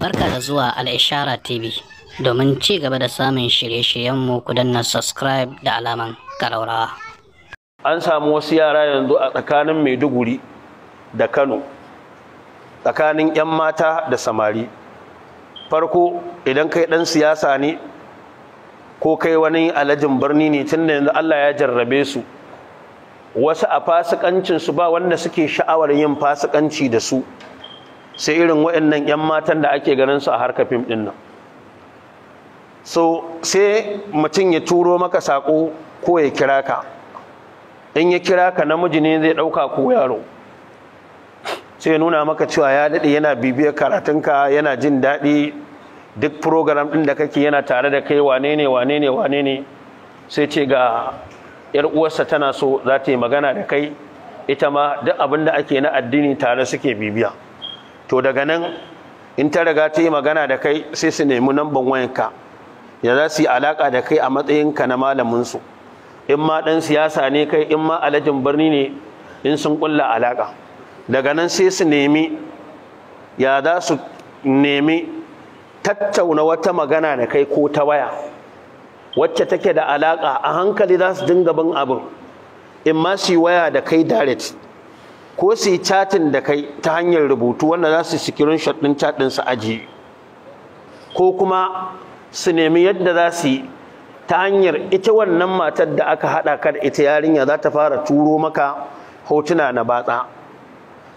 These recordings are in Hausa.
Barka da zuwa Al'ishara TV. Domin ci gaba da samun shirye-shiryenmu ku danna subscribe da alaman karaurawa. An samu wasu yara yanzu a tsakanin Maiduguri da Kano, tsakanin 'yan mata da samari. Farko idan kai ɗan siyasa ne, ko kai wani alajin birni ne tun da yanzu Allah ya jarrabe su. wasu a fasikancinsu ba wanda suke sha'awar yin fasikanci da su. sai irin waɗannan 'yan matan da ake ganin su a harkar fim ɗin nan so sai mutum ya turo maka saƙo ko ya kira ka in ya kira ka namiji ne zai ɗauka ko yaro sai ya nuna maka cewa ya daɗe yana bibiyar karatunka yana jin daɗi duk program ɗin da kake yana tare da kai wane ne wane ne wane ne sai ce ga yar uwarsa tana so za ta yi magana da kai ita ma duk abin da ake na addini tare suke bibiya to daga nan in ta riga ta yi magana da kai sai su nemi namban ka ya za su yi alaƙa da kai a matsayinka na malaminsu in ma dan siyasa ne kai in ma alajin birni ne in sun kulla alaka daga nan sai su nemi ya za su nemi tattauna wata magana da kai ko ta waya wacce take da alaƙa a hankali za su dinga bin abin in ma su yi waya da kai direct ko su yi chatin da kai ta hanyar rubutu wanda za su sikirin shot ɗin chat su ajiye ko kuma su nemi yadda za su yi ta hanyar ita wannan matar da aka haɗa kada ita yarinya za ta fara turo maka hotuna na batsa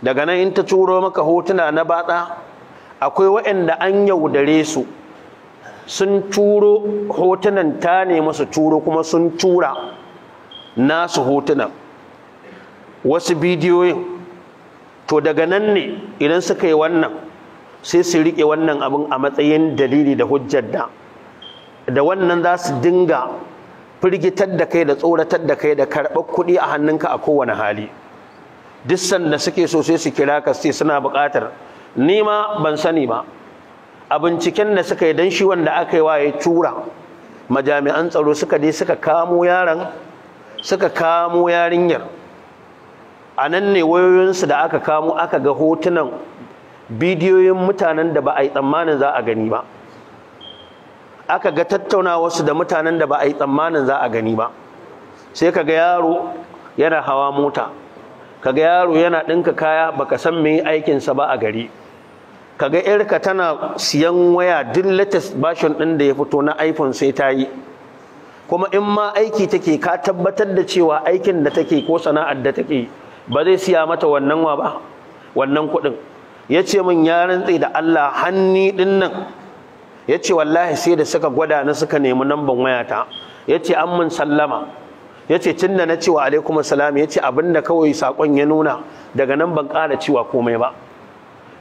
daga nan in ta turo maka hotuna na batsa akwai waɗanda an yaudare su sun turo hotunan ta ne masu turo kuma sun tura nasu hotunan wasu bidiyoyin to daga nan ne idan suka yi wannan sai su riƙe wannan abin a matsayin dalili da hujjar da da wannan za su dinga firgitar da kai da tsoratar da kai da karɓar kuɗi a hannunka a kowane hali duk sanda suke so sai su kira ka sai suna buƙatar ni ma ban sani ba a binciken da suka yi dan shi wanda aka yi wa ya tura majami'an tsaro suka je suka kamo yaron suka kamo yarinyar a nan ne wayoyinsu da aka kamo aka ga hotunan bidiyoyin mutanen da ba a yi tsammanin za a gani ba aka ga tattaunawarsu da mutanen da ba a yi tsammanin za a gani ba sai ka ga yaro yana hawa mota ka ga yaro yana ɗinka kaya baka san me aikinsa ba a gari ka ga yarka tana siyan waya duk latest bashin ɗin da ya fito na iphone sai ta yi kuma in ma aiki take ka tabbatar da cewa aikin da take ko sana'ar da take ba zai siya mata wannan wa ba wannan kuɗin ya ce min ya rantse da Allah hanni ɗin nan ya ce wallahi sai da suka gwada na suka nemi namban wayata ya ce an mun sallama ya ce tun da na cewa alaikum salam ya ce abin da kawai saƙon ya nuna daga nan ban ƙara cewa komai ba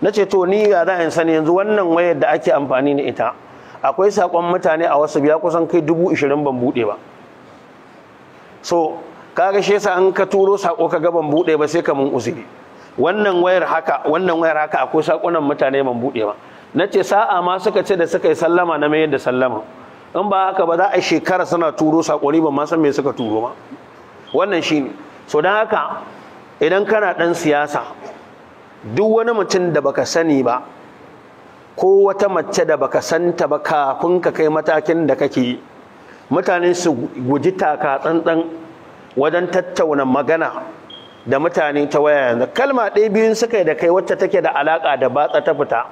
na ce to ni ya za yin sani yanzu wannan wayar da ake amfani da ita akwai saƙon mutane a wasu biya kusan kai dubu ishirin ban buɗe ba so kaga shi yasa an ka turo sako ka gaban bude ba sai ka mun uzuri wannan wayar haka wannan wayar haka akwai sakonan mutane man bude ba nace sa'a ma suka ce da suka yi sallama na mayar da sallama in ba haka ba za a shekara suna turo sakoni ban ma san me suka turo ba wannan shine so dan haka idan kana dan siyasa duk wani mutum da baka sani ba ko wata mace da baka santa ba kafin ka kai matakin da kake mutane su guji taka tsantsan wajen tattauna magana da mutane ta waya yanzu kalma ɗaya biyun suka yi da kai wacce take da alaka da batsa ta fita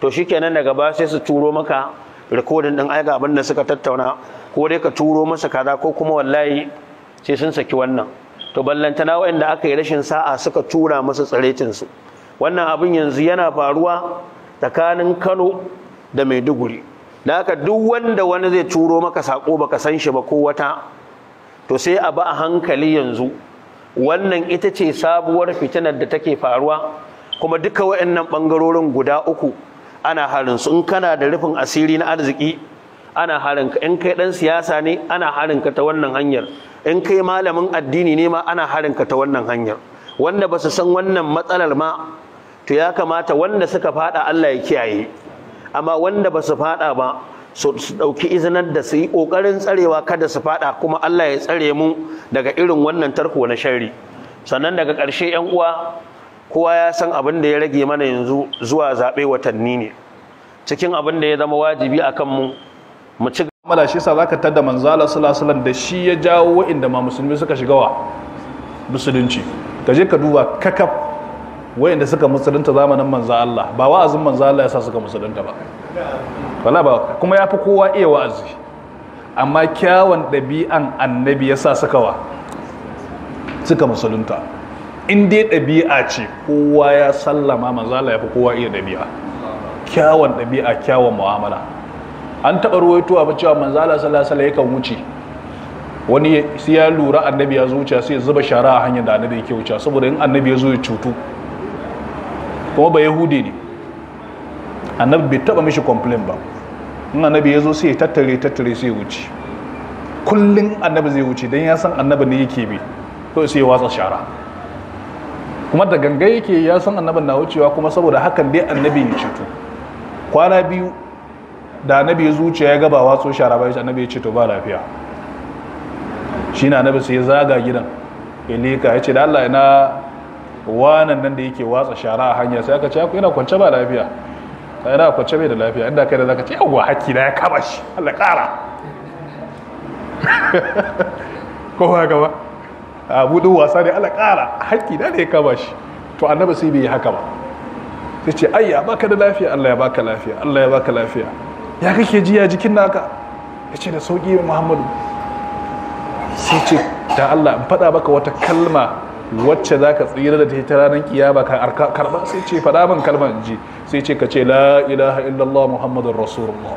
to shikenan daga ba sai su turo maka rikodin ɗin aiga abin da suka tattauna ko dai ka turo masa kaza ko kuma wallahi sai sun saki wannan to ballantana waɗanda aka yi rashin sa'a suka tura masa tsarecin su wannan abin yanzu yana faruwa tsakanin Kano da Maiduguri da haka duk wanda wani zai turo maka sako baka san shi ba ko wata to sai a ba a hankali yanzu wannan ita ce sabuwar fitinar da take faruwa kuma duka waɗannan ɓangarorin guda uku ana harin su in kana da rufin asiri na arziki ana harin ka in kai ɗan siyasa ne ana harin ka ta wannan hanyar in kai malamin addini ne ma ana harin ka ta wannan hanyar wanda ba su san wannan matsalar ma to ya kamata wanda suka fada Allah ya kiyaye amma wanda ba su fada ba so su ɗauki izinar da su yi ƙoƙarin tsarewa kada su faɗa kuma Allah ya tsare mu daga irin wannan tarko na sharri sannan daga karshe 'yan uwa kowa ya san abin da ya rage mana yanzu zuwa zaɓe watanni ne cikin abin da ya zama wajibi akan mu mu ci mala shi sa zaka tada manzo Allah sallallahu alaihi da shi ya jawo wa'inda ma musulmi suka shiga wa musulunci ka je ka duba kakaf wa'inda suka musulunta zamanin manzo Allah ba wa'azin manzo Allah ya sa suka musulunta ba wala ba kuma ya fi kowa iya wa'azi amma kyawun ɗabi'an annabi ya sa sakawa suka musulunta in dai ɗabi'a ce kowa ya sallama manzala ya fi kowa iya ɗabi'a kyawun ɗabi'a kyawun mu'amala an taɓa ruwaito ba cewa manzala salasala ya kan wuce wani sai ya lura annabi ya zuciya sai ya zuba shara a hanyar da annabi ya ke wuce saboda in annabi ya zo ya cutu kuma ba yahudi ne annabi bai taba mishi complain ba in annabi ya zo sai ya tattare tattare sai ya wuce kullum annabi zai wuce don ya san annabi ne yake bi ko sai ya watsa shara kuma da ganga yake ya san annabi na wucewa kuma saboda hakan dai annabi ya ceto kwana biyu da annabi ya zuciya ya gaba watso shara ba annabi ya ceto ba lafiya shi na annabi sai ya zaga gidan ilika ya ce da Allah ina wanan nan da yake watsa shara a hanya sai aka ce yana kwance ba lafiya ka yana kwace bai da lafiya inda kai da zaka ce yawwa haki na ya kama shi Allah kara ko ba gaba a budin wasa ne Allah kara haki na ne ya kama shi to annabi sai bai yi haka ba sai ce ai ya baka da lafiya Allah ya baka lafiya Allah ya baka lafiya ya kake ji ya jikin naka ya ce da sauki Muhammadu sai ce da Allah in faɗa maka wata kalma wacce za ka tsira da ta ranar kiyama ka karba sai ce faɗa min kalmar ji sai ce ka ce la ilaha illallah muhammadun rasulullah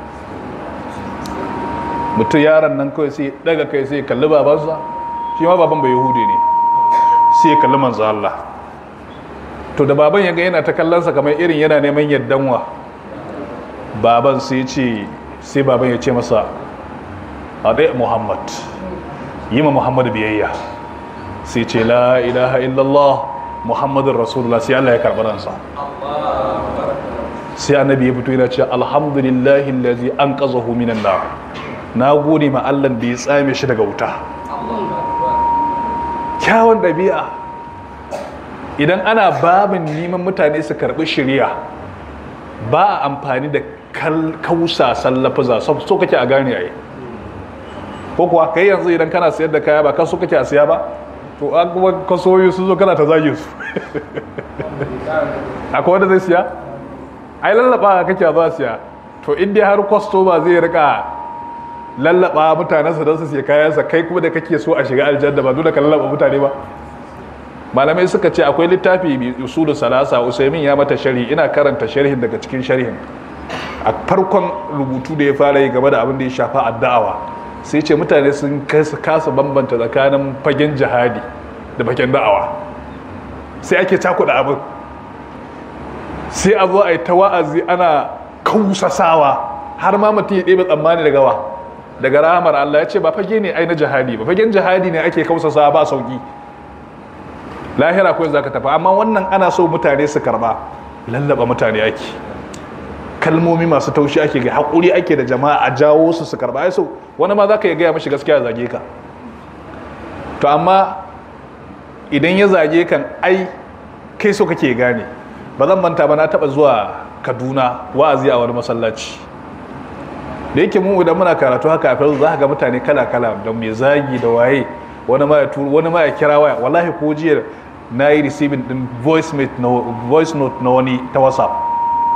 mutum yaron nan kawai sai daga kai sai kalli babansa shi ma baban bai yahudi ne sai kalli manzo Allah to da baban ya ga yana ta kallonsa kamar irin yana neman yaddanwa baban sai ce sai baban ya ce masa a muhammad yi ma muhammad biyayya sai ce la ilaha illallah muhammadin rasulullah sai Allah ya karɓar ransa sai annabi ya fito yana ce alhamdulillahi lazi an qazahu huminan na na gode ma Allah da ya tsame shi daga wuta kyawun ɗabi'a idan ana babin neman mutane su karɓi shirya ba a amfani da kausa sallafuza so kake a yi ko kuwa kai yanzu idan kana sayar da kaya ba ka so kake a siya ba to an kuma kasoyi su zo kana ta zagin su akwai wanda zai siya ai lallaba kake ba siya to in dai har kwastoma zai rika lallaba mutanensa don su siya kayansa kai kuma da kake so a shiga aljanna ba dole ka lallaba mutane ba malamai suka ce akwai littafi mai da salasa usaimin ya mata sharhi ina karanta sharhin daga cikin sharhin a farkon rubutu da ya fara yi game da abin da ya shafa addawa sai ce mutane sun kasa bambanta tsakanin fagen jihadi da fagen da'awa sai ake cakuɗa abin sai a zo a yi ta wa'azi ana kausasawa har ma mutum ya ɗebe tsammani daga wa daga rahamar Allah ya ce ba fage ne ai na jihadi ba fagen jihadi ne ake kausasawa ba sauki lahira ko za ka tafi amma wannan ana so mutane su karba lallaba mutane ake kalmomi masu taushi ake ga haƙuri ake da jama'a a jawo su su karba ai so wani ma za ka gaya mashi gaskiya zage ka to amma idan ya zage kan ai kai so kake gane ba zan manta ba na taɓa zuwa kaduna wa'azi a wani masallaci da yake mu idan muna karatu haka a facebook za ga mutane kala kala da mai zagi da waye wani ma ya kira waya wallahi ko jiya na yi receiving din voice note na wani ta whatsapp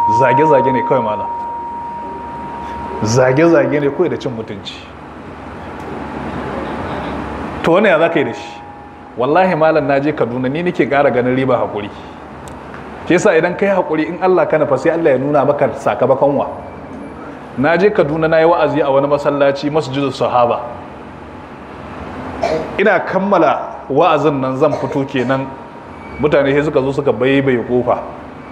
zage-zage ne kawai malam zage-zage ne kawai da cin mutunci to wani ya za ka yi da shi wallahi malam na je kaduna ni nake kara ganin riba haƙuri ke sa idan ka yi haƙuri in allah ka nafa sai allah ya nuna maka sakamakon wa na je kaduna na yi wa'azi a wani masallaci su sahaba ina kammala wa'azin nan zan fito kenan mutane sai suka zo suka baibaye kofa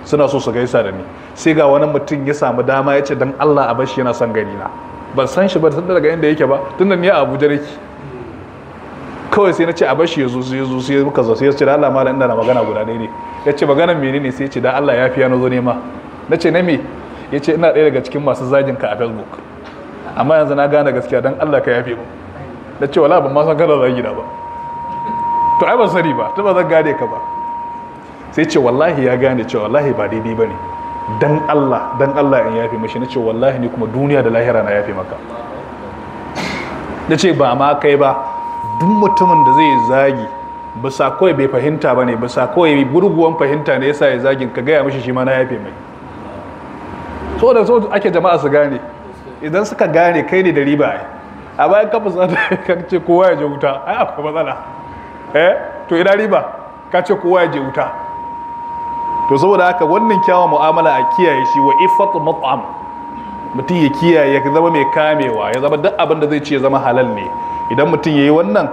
suna so su gaisa da ni sai ga wani mutum ya samu dama ya ce dan Allah a bashi yana son gani na ban san shi ba tun daga inda yake ba tun da ni a Abuja nake kawai sai na ce a bashi ya zo sai ya zo sai muka zo sai ya ce da Allah malam ina na magana guda ne ne ya ce maganar menene sai ya ce da Allah ya fiya na zo nema na ce na me ya ce ina ɗaya daga cikin masu zagin ka a Facebook amma yanzu na gane gaskiya dan Allah ka yafe mu na ce wala ban ma san kada zagi da ba to ai ban sani ba ta ba zan gane ka ba sai ce wallahi ya gane cewa wallahi ba daidai ba ne. dan Allah dan Allah in mashi na ce wallahi ne kuma duniya da lahira na yafe maka ce ba ma kai ba duk mutumin da zai zagi ba sa kawai bai fahimta ba ne Ba sa kawai gurguwan fahimta ne yasa ya zagin ka gaya mashi shi ma na yafe mai so da so ake jama'a su gane idan suka gane kai ne da riba ai a bayan kafa zata ka ce kowa ya je wuta ai akwai matsala eh to ina riba ka ce kowa ya je wuta to saboda haka wannan kyawun mu'amala a kiyaye shi wa ifat mat'am mutum ya kiyaye ya zama mai kamewa ya zama duk abin da zai ce zama halal ne idan mutum ya yi wannan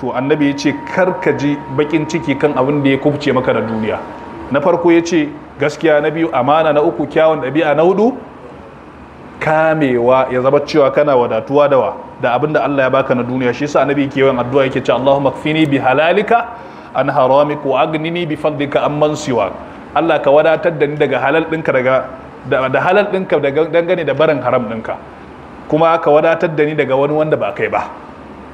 to annabi ya ce karka ji bakin ciki kan abin da ya kubce maka da duniya na farko ya ce gaskiya na biyu amana na uku kyawun ɗabi'a na hudu kamewa ya zama cewa kana wadatuwa dawa da abin da Allah ya baka na duniya shi yasa annabi yake yawan addu'a yake ce Allahumma kfini bi halalika an haramika wa agnini bi fadlika amman siwak Allah ka wadatar da ni daga halal ɗinka daga da halal ɗinka dangane da barin haram ɗinka kuma ka wadatar da ni daga wani wanda ba kai ba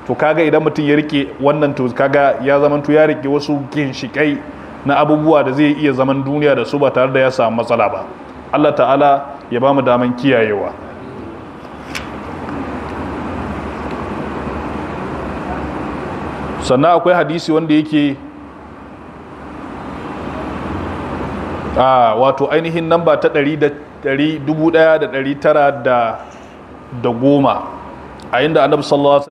to kaga idan mutum ya rike wannan to kaga ya zaman to ya rike wasu ginshikai na abubuwa da zai iya zaman duniya da su ba tare da ya samu matsala ba Allah ta'ala ya ba mu daman kiyayewa sannan akwai hadisi wanda yake wato ainihin namba ta 1910 a inda annabi sallallahu